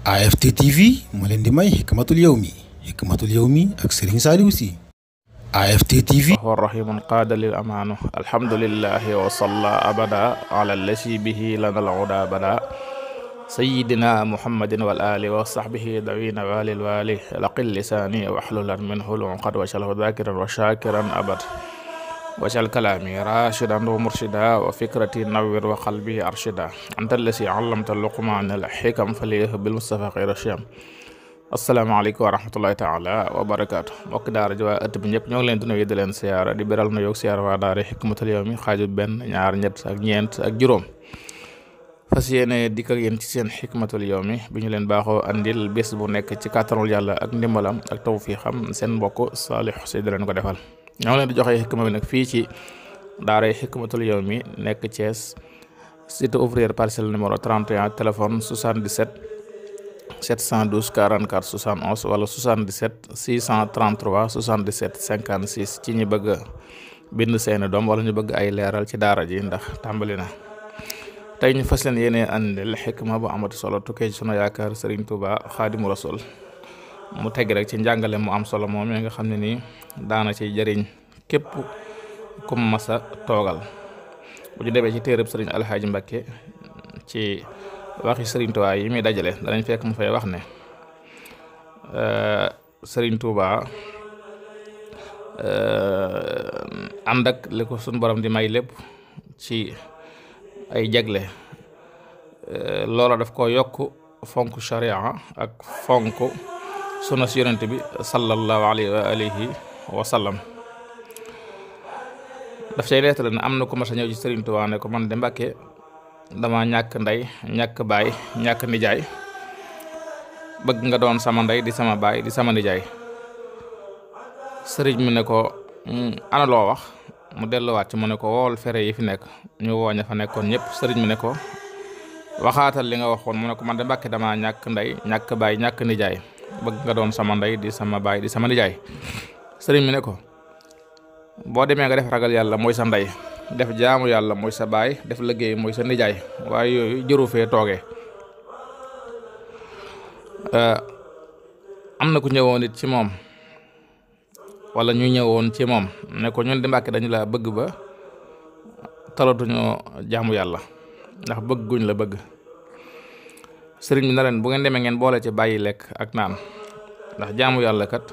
AFT TV moo leen di may xikmatul yawmi xikmatul yawmi ak Serigne Saliou Sy AFT TV warrahimun qaada lil amaanu alhamdulillahi wa salla abada ala allati bihi lana alhuda bada sayidina muhammadin wal ali wa sahbihi dawina walil wali laqil lisaani waxlulan minhu lunqad wa shalhu dhakiran wa shakiran abad wajal kalaami rashidan wa murshida wa anta allasi allamta luqmaana al xikam faliyah bil mustafa xayra shiyam asalaamaaleykum wa rahmatullahi taala wa barakaatu mbokk daara ji bi ñëpp ñoo ngi leen di nuyu di leen siyaara di beral na yoog siyaara waa daara xikmatul yawmi xaaju benn ñaar ñett ak ñeent ak juróom fas yéene dikk ak yéen ci seen xikmatul yawmi bi ñu leen baaxoo andil bés bu nekk ci kàttanul yàlla ak ndimbalam ak tawfiixam seen mbokk saalix si di leen ko defal ñoo leen di joxe xikma bi nag fii ci daaray Hikmatul mi nekk Thiès cité ouvrière parcelle numéro 31 téléphone 77 712 44 71 wala 77 633 77 ci ñi bëgg a bind seeni doom wala ñu bëgg ay leeral ci daara ji ndax tàmbali na tey ñu fas leen yéene andil xikma bu amati solo tukkee ci sunu yaakaar Serigne Touba Xaadimu Rasul mu teg rek ci njàngale mu am solo moom nga xam ne nii daana ci jariñ képp ku masa a toogal bu ñu demee ci téereb sëriñ alxaaji Mbakke ci waxi sëriñ Tuubaa yi muy dajale danañ fekk mu fay wax ne euh, sëriñ Tuubaa euh, ànd ko suñ borom di may lépp ci ay jagle euh, loola daf ko yokk fonk charia ak fonk sunna si yonent bi sallallahu alayhi wa alihi wa sallam daf cay am na ku mas a ñëw ci Sëriñ Tuubaa ne ko man de Mbàkke dama ñàkk ndey ñàkk baay ñàkk nijaay bëgg nga doon sama ndey di sama baay di sama nijaay sëriñ mu ne ko hmm, ana loo wax mu delluwaat ci mu ne ko wool fere yi fi nekk ñu woo ña fa nekkoon ñëpp sëriñ mu ne ko waxaatal li nga waxoon mu ne ko man de Mbàkke dama ñàkk ndey ñàkk baay ñàkk nijaay bëgg nga doon sama ndey di sama baay di sama nijaay sëriñ bi ne ko boo demee nga def ragal yàlla mooy sa ndey def jaamu yàlla mooy sa baay def liggéey mooy sa nijaay waaye yooyu jëru fee tooge am na ku ñëwoon it ci moom wala ñuy ñëwoon ci moom ne ko ñun di Mbàkke dañu la bëgg ba talatuñoo jaamu yàlla ndax bëgguñ la bëgg sëriñ bi na leen bu ngeen demee ngeen boole ci bàyyi lekk ak naan ndax jaamu yàlla kat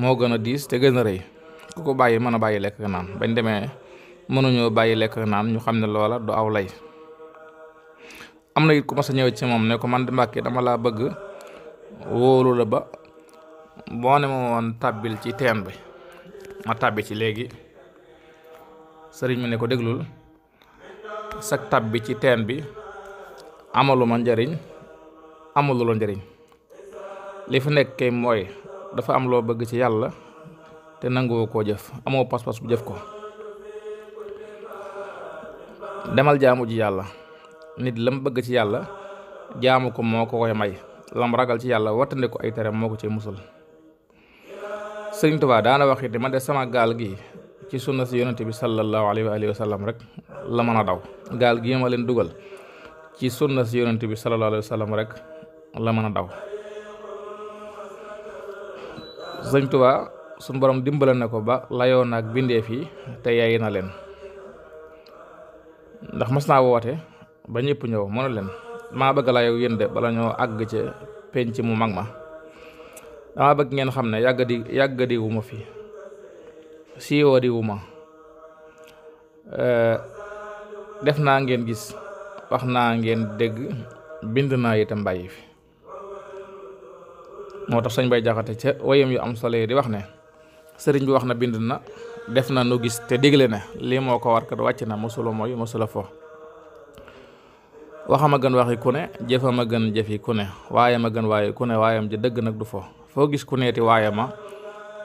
moo gën a diis te gën a rëy ku ko bàyyi mën a bàyyi lekk ak naan bañ demee mënuñoo bàyyi lekk ak naan ñu xam ne loola du aw lay am na yit ku ma sa ñëw ci moom ne ko man di dama laa bëgg wóolu ba boo ne ma woon tàbbil ci teen bi ma tàbbi ci léegi sëriñ mi ne ko déglul sag tàbbi ci teen bi amalu ma njariñ amaluloo njariñ li fi nekk kay mooy dafa am loo bëgg ci yàlla te nanguwoo koo jëf amoo pas-pas bu jëf ko demal jaamu ji yàlla nit lam bëgg ci yàlla jaamu ko moo ko koy may lam ragal ci yàlla wattandi ko ay tere moo ko ci musal Sëriñ Tuubaa daana wax it ma de sama gaal gi ci sunna si yonent bi sallallahu alayhi wa sallam rek la mën a daw gaal gi ma leen dugal ci sunna si yonent bi sallallahu alayhi rek la mën a daw sëñ Tuubaa suñ borom dimbala na ko ba layoon ak bindeef yi te yaay na leen ndax mas naa woote ba ñépp ñëw mënu leen maa bëgg laa yow de bala ñoo àgg ca penc mu mag ma dama bëgg ngeen xam ne yàgg di yàgg di fi siiwoo def naa ngeen gis wax naa ngeen dégg bind naa itam bàyyi fi moo tax sëñ bay jaxate ca wayam yu am solo yi di wax ne sëriñ bi wax na bind na def na nu gis te digle ne lii moo ko war kat wàcc na mosula mooy mosula fo waxam a gën waxi ku ne jëfam a gën jëfi ku ne waaye ma gën waaye ku ne waayam ji dëgg nag du fo foo gis ku neeti waayama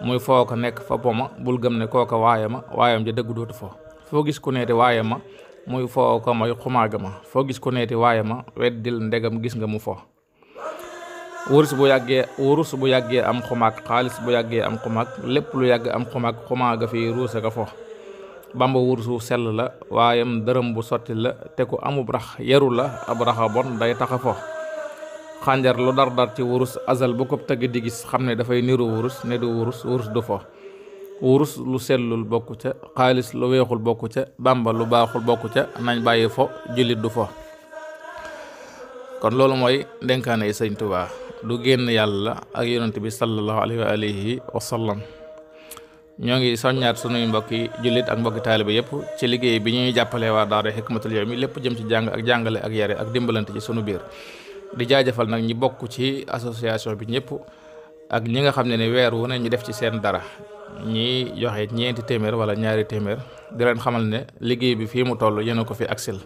muy foo ko nekk fa poma bul gëm ne kooka waayama waayam ji dëgg dootu fo foo gis ku neeti waayama muy fo ko mooy xumaaga ma foo gis ku neeti waaye ma weddil ndegam gis nga mu fo wurus bu yàggee wurus bu yàggee am xumaag xaalis bu yàggee am xumaag lépp lu yàgg am xumaag xumaaga fi ruusa ka fo bamba wursu sell la waayam dërëm bu sotti la te ku amub rax yaru la ab raxa bon day taxa fo xànjar lu dar dar ci wurus azal bu ko teg di gis xam ne dafay niru wurus ne du wurus wurus du fo wurus lu sellul bokku ca xaalis lu weexul bokku ca bàmba lu baaxul bokku ca nañ bàyyi fo jullit du fo kon loolu mooy ndenkaane yi sëñ Tuubaa du génn yàlla ak yonent bi sallallahu alayhi wa alihi wa sallam ñoo ngi soññaat sunuy mbokki jullit ak mbokki taaliba yëpp ci liggéey bi ñuy jàppale waa daara Hikmatul Yawmi lépp jëm ci jàng ak jàngale ak yare ak dimbalante ci sunu biir di jaajëfal nag ñi bokk ci association bi ñëpp ak ñi nga xam ne ne weer wu ne ñu def ci seen dara ñi joxe ñeenti téeméer wala ñaari téeméer di leen xamal ne liggéey bi fii mu toll yéen a ko fi aksil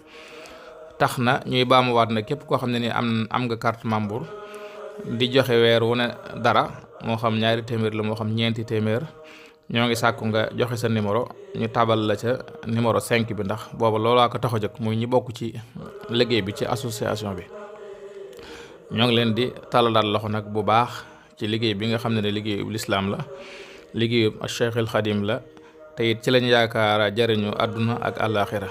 tax na ñuy baamuwaat ne képp koo xam ne ni am am nga carte membre di joxe weer wu ne dara moo xam ñaari téeméer la moo xam ñeenti téeméer ñoo ngi sàkku nga joxe sa numéro ñu tabal la ca numéro cinq bi ndax booba loolaa ko tax a jëkk muy ñi bokk ci liggéey bi ci association bi ñoo ngi leen di talalaat loxo nag bu baax ci liggéey bi nga xam ne ne liggéeyu lislaam la liggéeyum ak Cheikhul Xadim la te it ci lañ yaakaara jariñu àdduna ak àllaaxira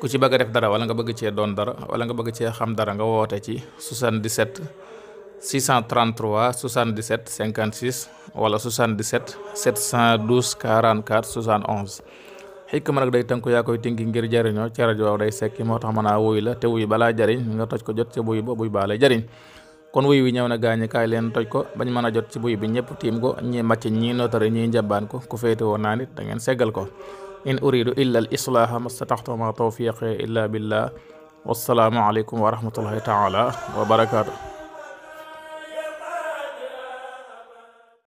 ku ci bëgg a def dara wala nga bëgg cee doon dara wala nga bëgg cee xam dara nga woote ci 77 633 77 56 wala 77 712 44 71. xikma nag day tënku yaa koy tinki ngir jariñoo ci rajo waaw day sekki moo tax mën a wuy la te wuy balaa jariñ nga toj ko jot ci buy ba lay jariñ kon wuy wi ñëw na gaañi kaay leen toj ko bañ mën a jot ci buy bi ñëpp tiim ko ñi màcc ñii notari ñii njabaan ko ku féete woon naa nit da ngeen seggal ko in uridu illa al islaaha mastataxtu ma tawfiqi illa billah wassalaamu aleykum wa rahmatullahi taala wa barakaatu